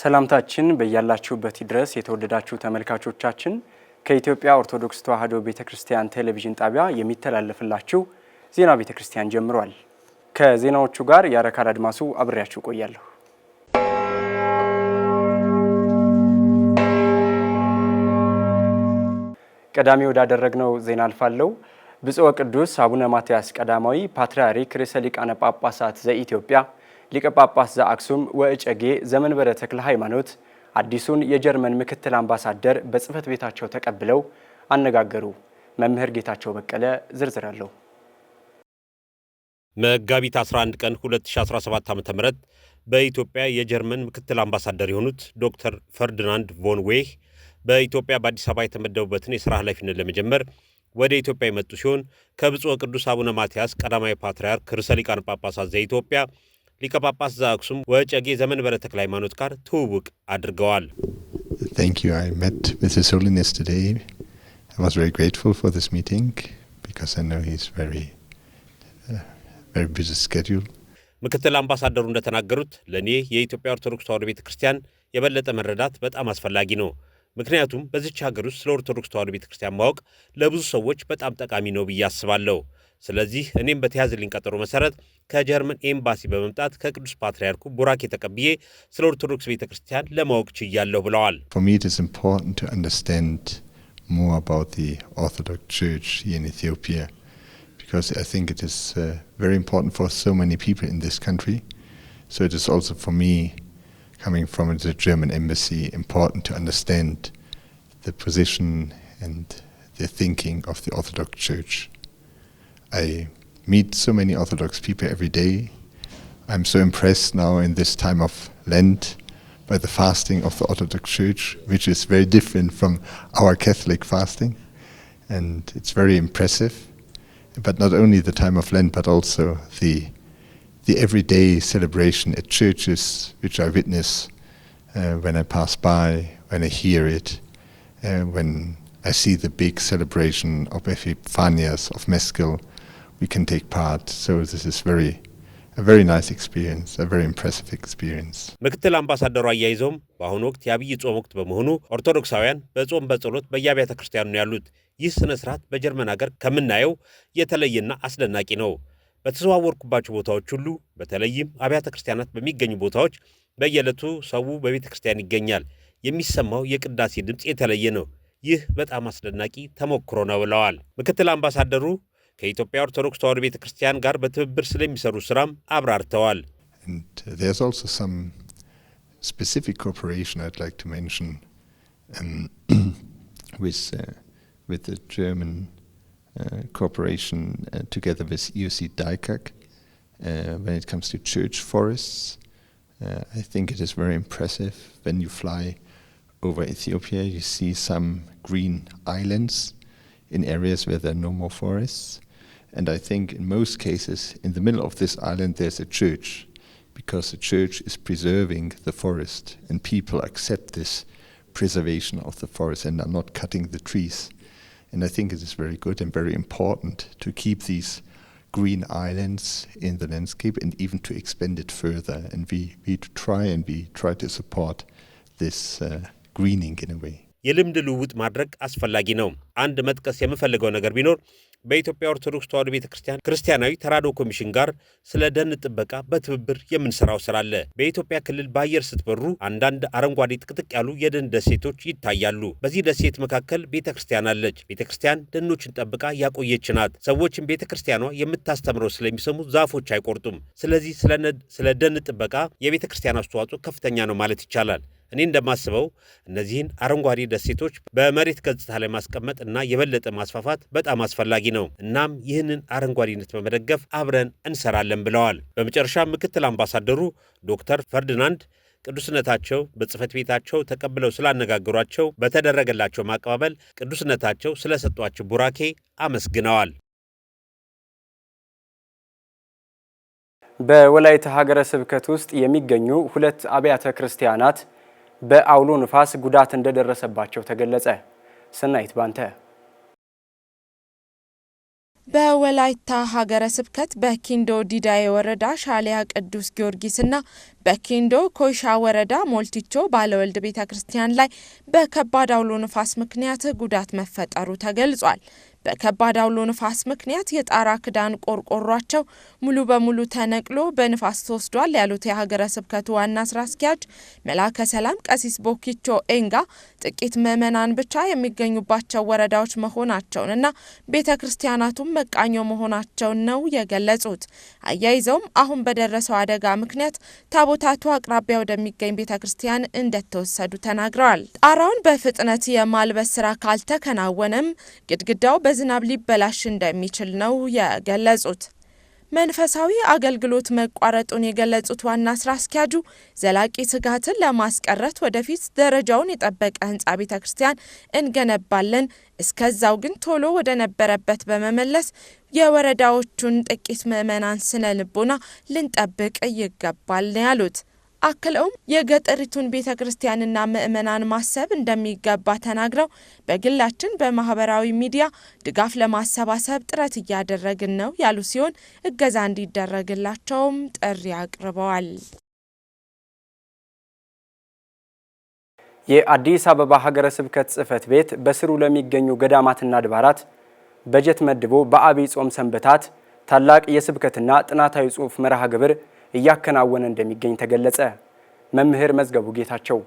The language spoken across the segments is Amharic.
ሰላምታችን በያላችሁበት ድረስ የተወደዳችሁ ተመልካቾቻችን ከኢትዮጵያ ኦርቶዶክስ ተዋሕዶ ቤተ ክርስቲያን ቴሌቪዥን ጣቢያ የሚተላለፍላችሁ ዜና ቤተ ክርስቲያን ጀምሯል። ከዜናዎቹ ጋር የአረካል አድማሱ አብሬያችሁ ቆያለሁ። ቀዳሚ ወዳደረግነው ዜና አልፋለሁ። ብፁዕ ወቅዱስ አቡነ ማትያስ ቀዳማዊ ፓትርያርክ ርዕሰ ሊቃነ ጳጳሳት ዘኢትዮጵያ ሊቀ ጳጳስ ዘአክሱም ወእጨጌ ዘመንበረ ተክለ ሃይማኖት አዲሱን የጀርመን ምክትል አምባሳደር በጽህፈት ቤታቸው ተቀብለው አነጋገሩ። መምህር ጌታቸው በቀለ ዝርዝር አለው። መጋቢት 11 ቀን 2017 ዓ ም በኢትዮጵያ የጀርመን ምክትል አምባሳደር የሆኑት ዶክተር ፈርዲናንድ ቮን ዌህ በኢትዮጵያ በአዲስ አበባ የተመደቡበትን የሥራ ኃላፊነት ለመጀመር ወደ ኢትዮጵያ የመጡ ሲሆን ከብፁዕ ቅዱስ አቡነ ማትያስ ቀዳማዊ ፓትርያርክ ርዕሰ ሊቃነ ጳጳሳት ዘኢትዮጵያ ሊቀ ጳጳስ ዘአክሱም ወጨጌ ዘመንበረ ተክለ ሃይማኖት ጋር ትውውቅ አድርገዋል። uh, ምክትል አምባሳደሩ እንደተናገሩት ለእኔ የኢትዮጵያ ኦርቶዶክስ ተዋህዶ ቤተ ክርስቲያን የበለጠ መረዳት በጣም አስፈላጊ ነው። ምክንያቱም በዚች ሀገር ውስጥ ስለ ኦርቶዶክስ ተዋሕዶ ቤተ ክርስቲያን ማወቅ ለብዙ ሰዎች በጣም ጠቃሚ ነው ብዬ አስባለሁ። For me, it is important to understand more about the Orthodox Church in Ethiopia because I think it is uh, very important for so many people in this country. So it is also for me, coming from the German embassy, important to understand the position and the thinking of the Orthodox Church. I meet so many Orthodox people every day. I'm so impressed now in this time of Lent by the fasting of the Orthodox Church, which is very different from our Catholic fasting. And it's very impressive. But not only the time of Lent, but also the, the everyday celebration at churches, which I witness uh, when I pass by, when I hear it, uh, when I see the big celebration of Epiphanias, of Meskil, we can take part. So this is very a very nice experience, a very impressive experience. ምክትል አምባሳደሩ አያይዘውም በአሁኑ ወቅት የአብይ ጾም ወቅት በመሆኑ ኦርቶዶክሳውያን በጾም በጸሎት በየአብያተ ክርስቲያኑ ያሉት። ይህ ስነ ስርዓት በጀርመን ሀገር ከምናየው የተለየና አስደናቂ ነው። በተዘዋወርኩባቸው ቦታዎች ሁሉ በተለይም አብያተ ክርስቲያናት በሚገኙ ቦታዎች በየዕለቱ ሰው በቤተ ክርስቲያን ይገኛል። የሚሰማው የቅዳሴ ድምፅ የተለየ ነው። ይህ በጣም አስደናቂ ተሞክሮ ነው ብለዋል ምክትል አምባሳደሩ። There's also some ከኢትዮጵያ ኦርቶዶክስ ተዋሕዶ ቤተ ክርስቲያን ጋር በትብብር um, uh, with the German uh, cooperation uh, together with EOC DICAC when it comes to church forests. I think it is very impressive when you fly over Ethiopia, you see some green islands in areas where there are no more forests. And I think in most cases, in the middle of this island, there's a church because the church is preserving the forest and people accept this preservation of the forest and are not cutting the trees. And I think it is very good and very important to keep these green islands in the landscape and even to expand it further. And we, we try and we try to support this uh, greening in a way. የልምድ ልውውጥ ማድረግ አስፈላጊ ነው። አንድ መጥቀስ የምፈልገው ነገር ቢኖር በኢትዮጵያ ኦርቶዶክስ ተዋሕዶ ቤተ ክርስቲያን ክርስቲያናዊ ተራድኦ ኮሚሽን ጋር ስለ ደን ጥበቃ በትብብር የምንሰራው ስራ አለ። በኢትዮጵያ ክልል በአየር ስትበሩ አንዳንድ አረንጓዴ ጥቅጥቅ ያሉ የደን ደሴቶች ይታያሉ። በዚህ ደሴት መካከል ቤተ ክርስቲያን አለች። ቤተ ክርስቲያን ደኖችን ጠብቃ ያቆየች ናት። ሰዎችን ቤተ ክርስቲያኗ የምታስተምረው ስለሚሰሙ ዛፎች አይቆርጡም። ስለዚህ ስለ ደን ጥበቃ የቤተ ክርስቲያን አስተዋጽኦ ከፍተኛ ነው ማለት ይቻላል። እኔ እንደማስበው እነዚህን አረንጓዴ ደሴቶች በመሬት ገጽታ ላይ ማስቀመጥ እና የበለጠ ማስፋፋት በጣም አስፈላጊ ነው። እናም ይህንን አረንጓዴነት በመደገፍ አብረን እንሰራለን ብለዋል። በመጨረሻ ምክትል አምባሳደሩ ዶክተር ፈርዲናንድ ቅዱስነታቸው በጽህፈት ቤታቸው ተቀብለው ስላነጋገሯቸው በተደረገላቸው ማቀባበል ቅዱስነታቸው ስለሰጧቸው ቡራኬ አመስግነዋል። በወላይታ ሀገረ ስብከት ውስጥ የሚገኙ ሁለት አብያተ ክርስቲያናት በአውሎ ንፋስ ጉዳት እንደደረሰባቸው ተገለጸ። ስናይት ባንተ በወላይታ ሀገረ ስብከት በኪንዶ ዲዳዬ ወረዳ ሻሊያ ቅዱስ ጊዮርጊስና በኪንዶ ኮይሻ ወረዳ ሞልቲቾ ባለወልድ ቤተ ክርስቲያን ላይ በከባድ አውሎ ንፋስ ምክንያት ጉዳት መፈጠሩ ተገልጿል። በከባድ አውሎ ንፋስ ምክንያት የጣራ ክዳን ቆርቆሯቸው ሙሉ በሙሉ ተነቅሎ በንፋስ ተወስዷል ያሉት የሀገረ ስብከቱ ዋና ስራ አስኪያጅ መላከ ሰላም ቀሲስ ቦኪቾ ኤንጋ ጥቂት ምዕመናን ብቻ የሚገኙባቸው ወረዳዎች መሆናቸውንና ቤተ ክርስቲያናቱም መቃኞ መሆናቸውን ነው የገለጹት። አያይዘውም አሁን በደረሰው አደጋ ምክንያት ታቦታቱ አቅራቢያ ወደሚገኝ ቤተ ክርስቲያን እንደተወሰዱ ተናግረዋል። ጣራውን በፍጥነት የማልበስ ስራ ካልተከናወነም ግድግዳው በዝናብ ሊበላሽ እንደሚችል ነው የገለጹት። መንፈሳዊ አገልግሎት መቋረጡን የገለጹት ዋና ስራ አስኪያጁ ዘላቂ ስጋትን ለማስቀረት ወደፊት ደረጃውን የጠበቀ ህንፃ ቤተ ክርስቲያን እንገነባለን፣ እስከዛው ግን ቶሎ ወደ ነበረበት በመመለስ የወረዳዎቹን ጥቂት ምዕመናን ስነ ልቦና ልንጠብቅ ይገባል ያሉት። አክለውም የገጠሪቱን ቤተ ክርስቲያንና ምእመናን ማሰብ እንደሚገባ ተናግረው በግላችን በማህበራዊ ሚዲያ ድጋፍ ለማሰባሰብ ጥረት እያደረግን ነው ያሉ ሲሆን እገዛ እንዲደረግላቸውም ጥሪ አቅርበዋል። የአዲስ አበባ ሀገረ ስብከት ጽሕፈት ቤት በስሩ ለሚገኙ ገዳማትና አድባራት በጀት መድቦ በአብይ ጾም ሰንበታት ታላቅ የስብከትና ጥናታዊ ጽሑፍ መርሃ ግብር እያከናወነ እንደሚገኝ ተገለጸ። መምህር መዝገቡ ጌታቸው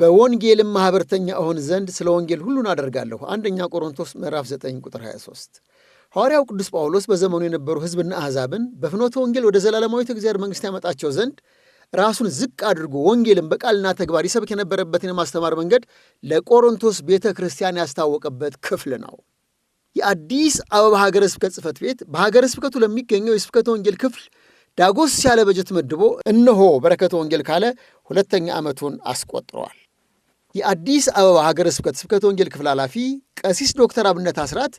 በወንጌልም ማኅበርተኛ እሆን ዘንድ ስለ ወንጌል ሁሉን አደርጋለሁ። አንደኛ ቆሮንቶስ ምዕራፍ 9 ቁጥር 23። ሐዋርያው ቅዱስ ጳውሎስ በዘመኑ የነበሩ ሕዝብና አሕዛብን በፍኖተ ወንጌል ወደ ዘላለማዊት እግዚአብሔር መንግሥት ያመጣቸው ዘንድ ራሱን ዝቅ አድርጎ ወንጌልን በቃልና ተግባር ይሰብክ የነበረበትን የማስተማር መንገድ ለቆሮንቶስ ቤተ ክርስቲያን ያስታወቀበት ክፍል ነው። የአዲስ አበባ ሀገረ ስብከት ጽሕፈት ቤት በሀገረ ስብከቱ ለሚገኘው የስብከተ ወንጌል ክፍል ዳጎስ ያለ በጀት መድቦ እነሆ በረከተ ወንጌል ካለ ሁለተኛ ዓመቱን አስቆጥረዋል። የአዲስ አበባ ሀገረ ስብከት ስብከተ ወንጌል ክፍል ኃላፊ ቀሲስ ዶክተር አብነት አስራት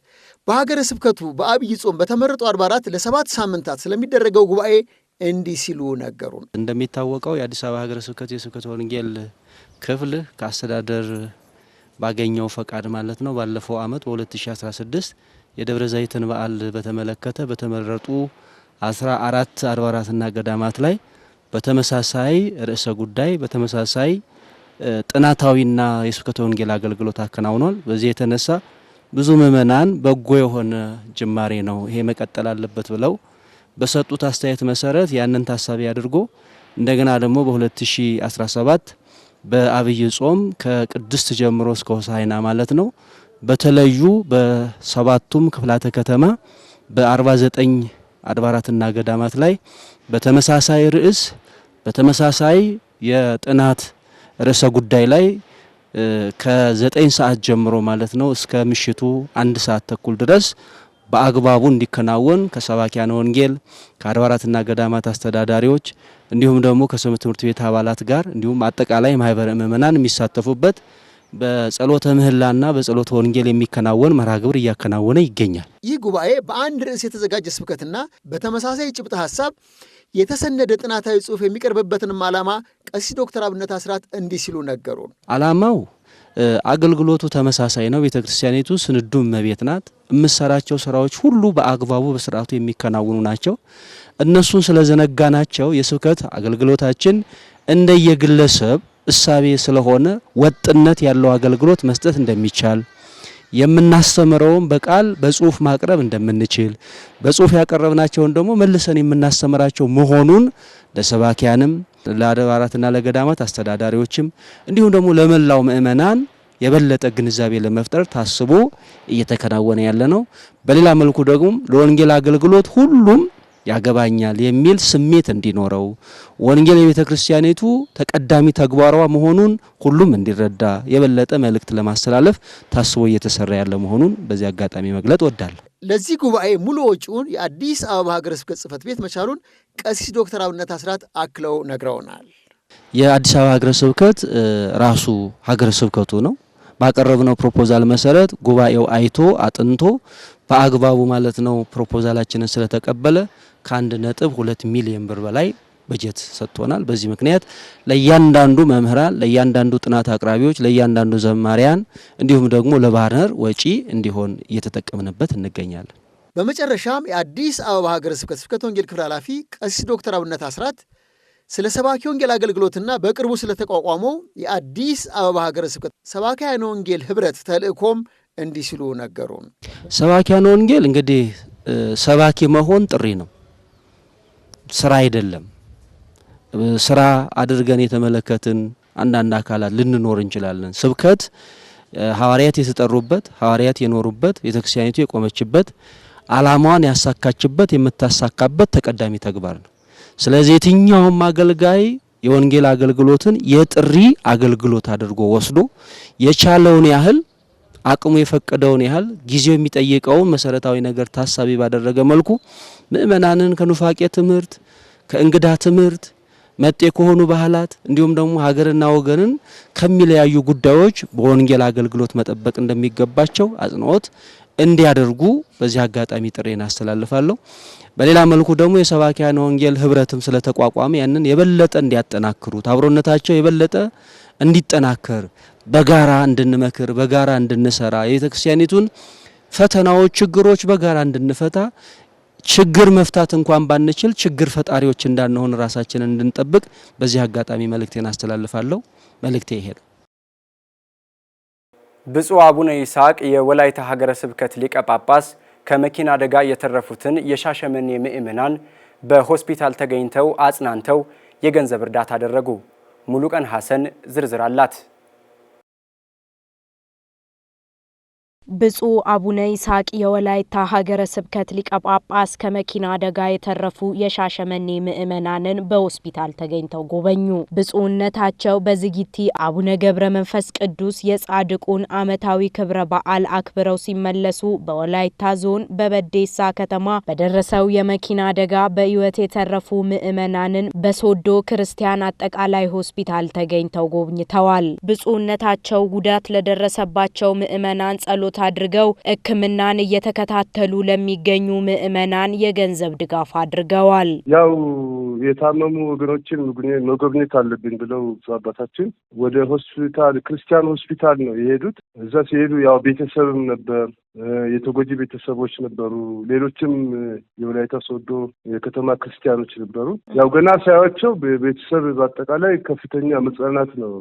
በሀገረ ስብከቱ በአብይ ጾም በተመረጡ አድባራት ለሰባት ሳምንታት ስለሚደረገው ጉባኤ እንዲህ ሲሉ ነገሩን። እንደሚታወቀው የአዲስ አበባ ሀገረ ስብከት የስብከተ ወንጌል ክፍል ከአስተዳደር ባገኘው ፈቃድ ማለት ነው ባለፈው ዓመት በ2016 የደብረ ዘይትን በዓል በተመለከተ በተመረጡ 14 አድባራትና ገዳማት ላይ በተመሳሳይ ርዕሰ ጉዳይ በተመሳሳይ ጥናታዊና የስብከተ ወንጌል አገልግሎት አከናውኗል። በዚህ የተነሳ ብዙ ምእመናን በጎ የሆነ ጅማሬ ነው ይሄ መቀጠል አለበት ብለው በሰጡት አስተያየት መሰረት ያንን ታሳቢ አድርጎ እንደገና ደግሞ በ2017 በአብይ ጾም ከቅድስት ጀምሮ እስከ ሆሳይና ማለት ነው በተለዩ በሰባቱም ክፍላተ ከተማ በ49 አድባራትና ገዳማት ላይ በተመሳሳይ ርዕስ በተመሳሳይ የጥናት ርዕሰ ጉዳይ ላይ ከዘጠኝ ሰዓት ጀምሮ ማለት ነው እስከ ምሽቱ አንድ ሰዓት ተኩል ድረስ በአግባቡ እንዲከናወን ከሰባኪያነ ወንጌል ከአድባራትና ገዳማት አስተዳዳሪዎች እንዲሁም ደግሞ ከሰንበት ትምህርት ቤት አባላት ጋር እንዲሁም አጠቃላይ ማህበረ ምእመናን የሚሳተፉበት በጸሎተ ምህላና በጸሎተ ወንጌል የሚከናወን መርሃ ግብር እያከናወነ ይገኛል። ይህ ጉባኤ በአንድ ርዕስ የተዘጋጀ ስብከትና በተመሳሳይ ጭብጥ ሀሳብ የተሰነደ ጥናታዊ ጽሑፍ የሚቀርብበትንም ዓላማ ቀሲስ ዶክተር አብነት አስራት እንዲህ ሲሉ ነገሩ። ዓላማው አገልግሎቱ ተመሳሳይ ነው። ቤተ ክርስቲያኒቱ ስንዱ እመቤት ናት። የምሰራቸው ስራዎች ሁሉ በአግባቡ በስርዓቱ የሚከናውኑ ናቸው። እነሱን ስለዘነጋ ናቸው የስብከት አገልግሎታችን እንደየግለሰብ እሳቤ ስለሆነ ወጥነት ያለው አገልግሎት መስጠት እንደሚቻል የምናስተምረውም በቃል በጽሁፍ ማቅረብ እንደምንችል በጽሁፍ ያቀረብናቸውን ደግሞ መልሰን የምናስተምራቸው መሆኑን ለሰባኪያንም ለአድባራትና ለገዳማት አስተዳዳሪዎችም እንዲሁም ደግሞ ለመላው ምእመናን የበለጠ ግንዛቤ ለመፍጠር ታስቦ እየተከናወነ ያለ ነው። በሌላ መልኩ ደግሞ ለወንጌል አገልግሎት ሁሉም ያገባኛል የሚል ስሜት እንዲኖረው ወንጌል የቤተ ክርስቲያኒቱ ተቀዳሚ ተግባሯ መሆኑን ሁሉም እንዲረዳ የበለጠ መልእክት ለማስተላለፍ ታስቦ እየተሰራ ያለ መሆኑን በዚህ አጋጣሚ መግለጥ ወዳል። ለዚህ ጉባኤ ሙሉ ወጪውን የአዲስ አበባ ሀገረ ስብከት ጽሕፈት ቤት መቻሉን ቀሲስ ዶክተር አብነት አስራት አክለው ነግረውናል። የአዲስ አበባ ሀገረ ስብከት ራሱ ሀገረ ስብከቱ ነው። ባቀረብነው ፕሮፖዛል መሰረት ጉባኤው አይቶ አጥንቶ በአግባቡ ማለት ነው ፕሮፖዛላችንን ስለተቀበለ ከአንድ ነጥብ ሁለት ሚሊዮን ብር በላይ በጀት ሰጥቶናል። በዚህ ምክንያት ለእያንዳንዱ መምህራን፣ ለእያንዳንዱ ጥናት አቅራቢዎች፣ ለእያንዳንዱ ዘማሪያን እንዲሁም ደግሞ ለባነር ወጪ እንዲሆን እየተጠቀምንበት እንገኛለን። በመጨረሻም የአዲስ አበባ ሀገረ ስብከት ስብከተ ወንጌል ክፍል ኃላፊ ቀሲስ ዶክተር አብነት አስራት ስለ ሰባኪ ወንጌል አገልግሎትና በቅርቡ ስለተቋቋመው የአዲስ አበባ ሀገረ ስብከት ሰባኪያን ወንጌል ህብረት ተልእኮም እንዲህ ሲሉ ነገሩን። ሰባኪያን ወንጌል እንግዲህ ሰባኪ መሆን ጥሪ ነው፣ ስራ አይደለም። ስራ አድርገን የተመለከትን አንዳንድ አካላት ልንኖር እንችላለን። ስብከት ሐዋርያት የተጠሩበት ሐዋርያት የኖሩበት ቤተክርስቲያኒቱ የቆመችበት ዓላማዋን ያሳካችበት የምታሳካበት ተቀዳሚ ተግባር ነው። ስለዚህ የትኛውም አገልጋይ የወንጌል አገልግሎትን የጥሪ አገልግሎት አድርጎ ወስዶ የቻለውን ያህል አቅሙ የፈቀደውን ያህል ጊዜው የሚጠይቀውን መሰረታዊ ነገር ታሳቢ ባደረገ መልኩ ምእመናንን ከኑፋቄ ትምህርት፣ ከእንግዳ ትምህርት፣ መጤ ከሆኑ ባህላት እንዲሁም ደግሞ ሀገርና ወገንን ከሚለያዩ ጉዳዮች በወንጌል አገልግሎት መጠበቅ እንደሚገባቸው አጽንኦት እንዲያደርጉ በዚህ አጋጣሚ ጥሬን አስተላልፋለሁ። በሌላ መልኩ ደግሞ የሰባኪያን ወንጌል ህብረትም ስለተቋቋመ ያንን የበለጠ እንዲያጠናክሩት አብሮነታቸው የበለጠ እንዲጠናከር በጋራ እንድንመክር በጋራ እንድንሰራ የቤተክርስቲያኒቱን ፈተናዎች፣ ችግሮች በጋራ እንድንፈታ ችግር መፍታት እንኳን ባንችል ችግር ፈጣሪዎች እንዳንሆን ራሳችንን እንድንጠብቅ በዚህ አጋጣሚ መልእክቴን አስተላልፋለሁ። መልእክቴ ይሄ ነው። ብፁዕ አቡነ ይስሐቅ የወላይታ ሀገረ ስብከት ሊቀ ጳጳስ ከመኪና አደጋ የተረፉትን የሻሸመኔ ምእመናን በሆስፒታል ተገኝተው አጽናንተው የገንዘብ እርዳታ አደረጉ። ሙሉቀን ሐሰን ዝርዝር አላት። ብፁዕ አቡነ ይስሐቅ የወላይታ ሀገረ ስብከት ሊቀ ጳጳስ ከመኪና አደጋ የተረፉ የሻሸመኔ ምዕመናንን በሆስፒታል ተገኝተው ጎበኙ። ብፁዕነታቸው በዝጊቲ አቡነ ገብረ መንፈስ ቅዱስ የጻድቁን ዓመታዊ ክብረ በዓል አክብረው ሲመለሱ በወላይታ ዞን በበዴሳ ከተማ በደረሰው የመኪና አደጋ በሕይወት የተረፉ ምዕመናንን በሶዶ ክርስቲያን አጠቃላይ ሆስፒታል ተገኝተው ጎብኝተዋል። ብፁዕነታቸው ጉዳት ለደረሰባቸው ምዕመናን ጸሎት ጸሎት አድርገው ሕክምናን እየተከታተሉ ለሚገኙ ምዕመናን የገንዘብ ድጋፍ አድርገዋል። ያው የታመሙ ወገኖችን መጎብኘት አለብን ብለው አባታችን ወደ ሆስፒታል ክርስቲያን ሆስፒታል ነው የሄዱት። እዛ ሲሄዱ ያው ቤተሰብም ነበር የተጎጂ ቤተሰቦች ነበሩ። ሌሎችም የወላይታ ሶዶ የከተማ ክርስቲያኖች ነበሩ። ያው ገና ሳያቸው ቤተሰብ በአጠቃላይ ከፍተኛ መጽናናት ነው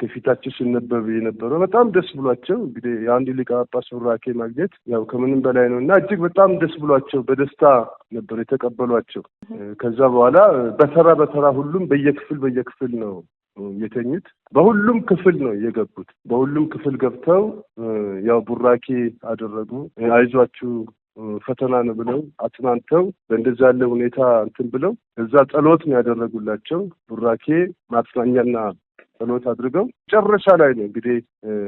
ከፊታቸው ሲነበብ የነበረው በጣም ደስ ብሏቸው እንግዲህ የአንድ ሊቀ ጳጳስ ቡራኬ ማግኘት ያው ከምንም በላይ ነው እና እጅግ በጣም ደስ ብሏቸው በደስታ ነበር የተቀበሏቸው። ከዛ በኋላ በተራ በተራ ሁሉም በየክፍል በየክፍል ነው የተኙት። በሁሉም ክፍል ነው የገቡት። በሁሉም ክፍል ገብተው ያው ቡራኬ አደረጉ። አይዟችሁ ፈተና ነው ብለው አጽናንተው በእንደዚ ያለ ሁኔታ እንትን ብለው እዛ ጸሎት ነው ያደረጉላቸው። ቡራኬ ማጽናኛና ጸሎት አድርገው መጨረሻ ላይ ነው እንግዲህ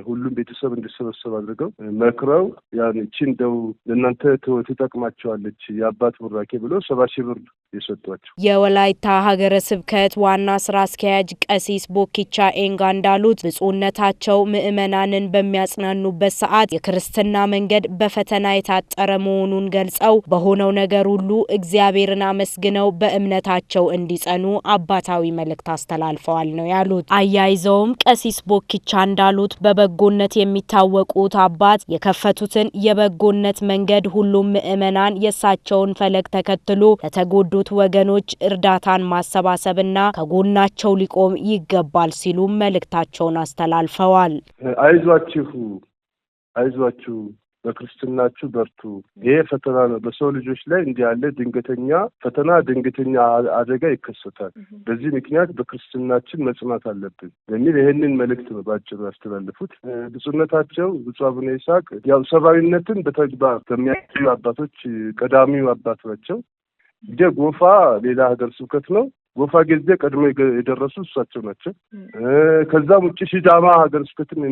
ሁሉም ቤተሰብ እንዲሰበሰብ አድርገው መክረው ያን እቺ እንደው ለእናንተ ትጠቅማቸዋለች የአባት ቡራኬ ብሎ ሰባ ሺህ ብር የሰጧቸው የወላይታ ሀገረ ስብከት ዋና ስራ አስኪያጅ ቀሲስ ቦኪቻ ኤንጋ እንዳሉት ብፁዕነታቸው ምዕመናንን በሚያጽናኑበት ሰዓት የክርስትና መንገድ በፈተና የታጠረ መሆኑን ገልጸው በሆነው ነገር ሁሉ እግዚአብሔርን አመስግነው በእምነታቸው እንዲጸኑ አባታዊ መልእክት አስተላልፈዋል ነው ያሉት። አያይዘውም ቀሲስ ቦኪቻ እንዳሉት በበጎነት የሚታወቁት አባት የከፈቱትን የበጎነት መንገድ ሁሉም ምዕመናን የእሳቸውን ፈለግ ተከትሎ ለተጎዱት ወገኖች እርዳታን ማሰባሰብና ከጎናቸው ሊቆም ይገባል ሲሉ መልእክታቸውን አስተላልፈዋል። አይዟችሁ አይዟችሁ በክርስትናችሁ በርቱ። ይሄ ፈተና ነው። በሰው ልጆች ላይ እንዲህ ያለ ድንገተኛ ፈተና፣ ድንገተኛ አደጋ ይከሰታል። በዚህ ምክንያት በክርስትናችን መጽናት አለብን በሚል ይህንን መልእክት ነው በአጭሩ ያስተላልፉት። ብፁዕነታቸው ብፁዕ አቡነ ይስሐቅ ያው ሰብአዊነትን በተግባር ከሚያዩ አባቶች ቀዳሚው አባት ናቸው። እንደ ጎፋ ሌላ ሀገር ስብከት ነው ጎፋ ጊዜ ቀድሞ የደረሱ እሳቸው ናቸው። ከዛም ውጭ ሲዳማ ሀገር ስብከትን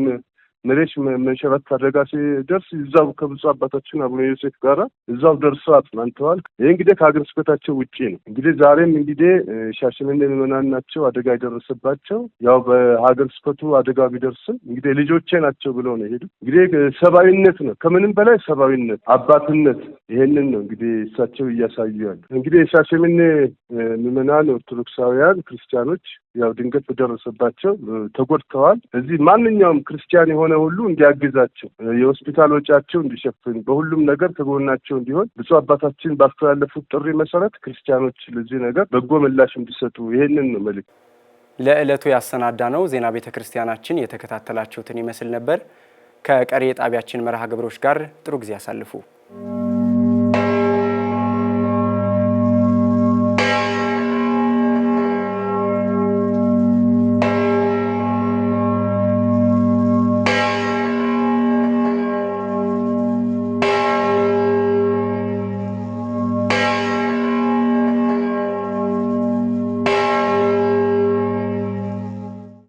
መሬት መንሸራት አደጋ ሲደርስ እዛው ከብፁዕ አባታችን አቡነ ዮሴፍ ጋራ እዛው ደርሰው አጽናንተዋል። ይህ እንግዲህ ከሀገር ስብከታቸው ውጪ ነው። እንግዲህ ዛሬም እንግዲህ ሻሸመኔ ምዕመናን ናቸው አደጋ የደረሰባቸው። ያው በሀገር ስብከቱ አደጋ ቢደርስም እንግዲህ ልጆቼ ናቸው ብለው ነው የሄዱት። እንግዲህ ሰብአዊነት ነው፣ ከምንም በላይ ሰብአዊነት፣ አባትነት ይሄንን ነው እንግዲህ እሳቸው እያሳዩ ያሉ። እንግዲህ የሻሸመኔ ምዕመናን ኦርቶዶክሳውያን ክርስቲያኖች ያው ድንገት በደረሰባቸው ተጎድተዋል። እዚህ ማንኛውም ክርስቲያን የሆነ ሁሉ እንዲያግዛቸው፣ የሆስፒታል ወጪያቸው እንዲሸፍን፣ በሁሉም ነገር ከጎናቸው እንዲሆን ብፁዕ አባታችን ባስተላለፉት ጥሪ መሰረት ክርስቲያኖች ለዚህ ነገር በጎ ምላሽ እንዲሰጡ ይሄንን ነው መልክ ለዕለቱ ያሰናዳ ነው ዜና ቤተ ክርስቲያናችን የተከታተላችሁትን ይመስል ነበር። ከቀሪ የጣቢያችን መርሃ ግብሮች ጋር ጥሩ ጊዜ ያሳልፉ።